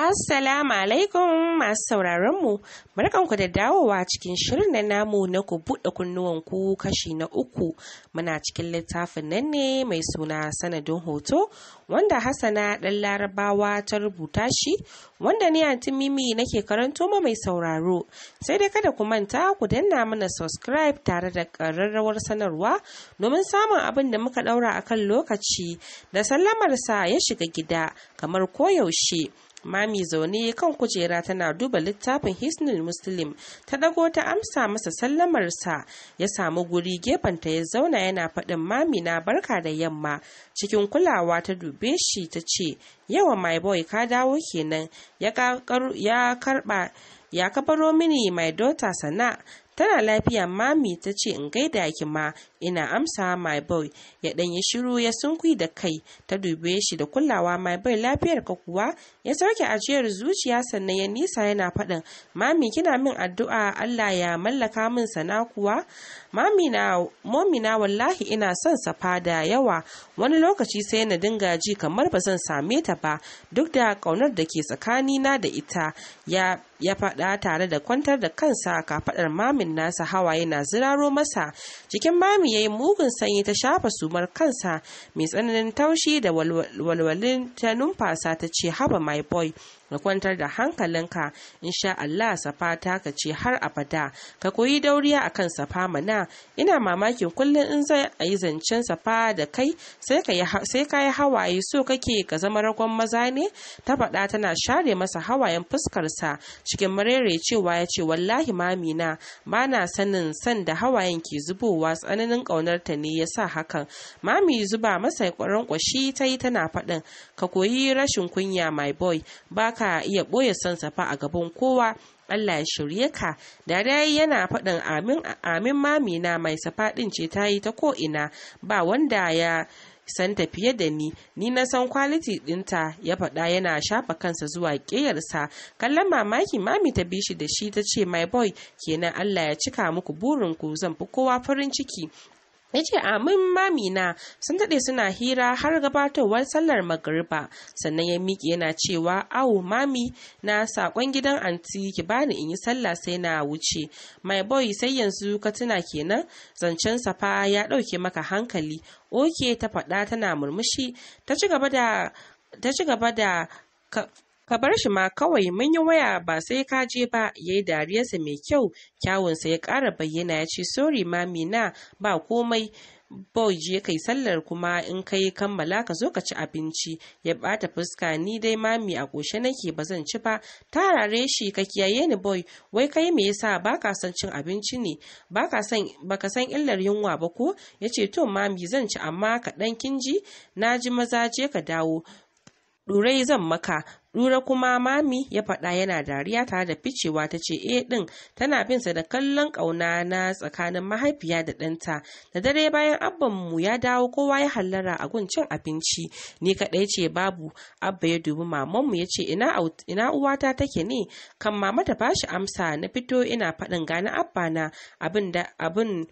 Assalamu alaikum masu sauraronmu. mu. Barkanku da dawowa cikin shirin na namu na ku buɗe kunnuwanku kashi na uku. Muna cikin littafin nan ne mai suna sanadin hoto wanda Hassana ɗan Larabawa ta rubuta shi wanda ni anti Mimi nake karanto ma mai sauraro. Sai dai kada ku manta ku danna mana subscribe tare da ƙararrawar sanarwa domin samun abin da muka ɗaura akan lokaci da sallamarsa ya shiga gida kamar koyaushe. Mami zaune kan kujera tana duba littafin Hisnul Muslim ta dago ta amsa masa sallamarsa ya samu guri gefenta ya zauna yana faɗin mami na barka da yamma cikin kulawa ta dube shi ta ce yawa my boy ka dawo kenan ya karba ya kabaro mini my daughter sana Tana lafiya mami ta ce in gaida ki ma ina amsa my boy ya dan yi shiru ya sunkui da kai ta dube shi da kulawa my boy lafiyar ka kuwa ya sauke ajiyar zuciya sannan ya nisa yana faɗin mami kina min addu'a Allah ya mallaka min sana kuwa mami na momina wallahi ina son safa da yawa wani lokaci sai na dinga ji kamar ba zan same ta ba duk da kaunar da ke tsakanina da ita ya ya faɗa tare da kwantar da kansa kafaɗar mami mamin nasa hawaye na ziraro masa Cikin mami ya yi mugun sanyi ta shafa sumar kansa mai tsananin taushi da walwalin ta numfasa ta ce haba my boy ka kwantar da hankalinka sha Allah safa ta ka ce har abada ka koyi dauriya akan safa mana ina mamakin kullum in zai a yi zancen safa da kai sai ka yi hawaye so kake ka zama ragon maza ne ta faɗa tana share masa hawayen fuskarsa cikin marere cewa ya ce wallahi mamina ba na sanin san da hawayen ke zubowa tsananin ƙaunarta ne ya sa hakan mami zuba masa kwashi ta yi tana faɗin ka koyi rashin kunya my boy ba ka iya ɓoye son safa a gaban kowa Allah ya shirye ka da dai yana faɗin amin amin mami na mai safa ɗin ce ta yi ta ko ina ba wanda ya Santa, fiye da ni ni na san kwaliti ɗinta ya faɗa yana shafa kansa zuwa ƙeyarsa kallon mamaki mami ta bi shi da shi ta ce my boy kenan allah ya cika muku burinku zan fi kowa farin ciki ya ce amin mamina sun daɗe suna hira har gabatowar sallar magariba sannan ya miƙe yana cewa au mami na saƙon gidan anti ki bani in yi sallah sai na wuce my boy sai yanzu katuna kenan zancen safa ya ɗauke maka hankali oke ta faɗa tana murmushi ta ci gaba da ka bar shi ma kawai mun yi waya ba sai ka je ba ya yi dariyarsa mai kyau kyawunsa ya ƙara bayyana ya ce sorry mami na ba komai Boy je kai sallar kuma in kai kammala ka zo ka ci abinci ya bata fuska ni dai mami a ƙoshe nake ba zan ci ba tarare shi ka kiyaye ni boy wai kai me yasa baka son cin abinci ne baka san san illar yunwa ba ko yace to mami zan ci amma ka dan kinji naji maza je ka dawo ɗurai zan maka Dura kuma mami ya faɗa yana dariya tare da ficewa ta ce eh ɗin tana bin da kallon ƙauna na tsakanin mahaifiya da ɗanta. Da dare bayan abban mu ya dawo kowa ya hallara a gun cin abinci ni kaɗai ce babu abba ya dubi maman mu ya ce ina uwata take ne kan mama ta bashi amsa na fito ina faɗin gani abba na da abin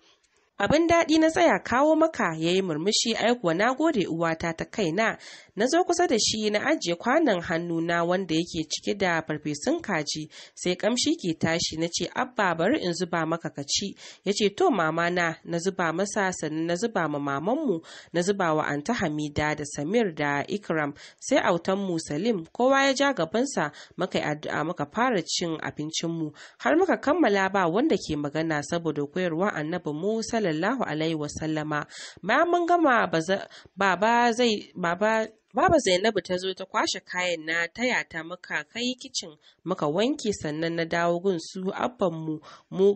Abin daɗi na tsaya kawo maka ya yi murmushi aikuwa na gode uwata ta kaina. Na zo kusa da shi na ajiye kwanon hannuna wanda yake cike da farfesun kaji sai kamshi ke tashi na ce abba bari in zuba maka ka ci. Ya ce to mama na na zuba masa sannan na zuba ma mamanmu na zuba wa anta Hamida da Samir da Ikram sai autan mu Salim kowa ya ja gabansa maka addu'a maka fara cin abincinmu har muka kammala ba wanda ke magana saboda koyarwa annabi Musa sallallahu alaihi wasallama bayan mun gama baba zai baba Baba Zainabu ta zo ta kwashe kayan na taya ta muka kai kicin muka wanke sannan na dawo gun su abbanmu mu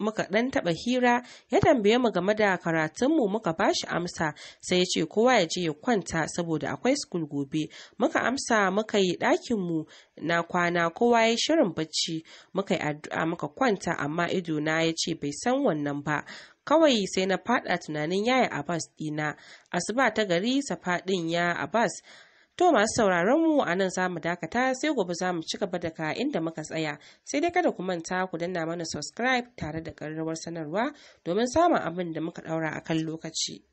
muka ɗan taɓa hira ya tambaye mu game da karatun mu muka bashi amsa sai ya ce kowa ya je ya kwanta saboda akwai skul gobe muka amsa muka yi ɗakin mu na kwana kowa ya shirin bacci muka yi addu'a muka kwanta amma ido na ya ce bai san wannan ba kawai sai na faɗa tunanin yaya abbas ɗina asuba ta gari safaɗin ya Abbas. To masu sauraron mu a nan zamu dakata sai gobe zamu ci gaba da ka inda muka tsaya. Sai dai kada ku manta ku danna mana subscribe tare da ƙararrawar sanarwa domin samun abin da muka ɗaura a kan lokaci.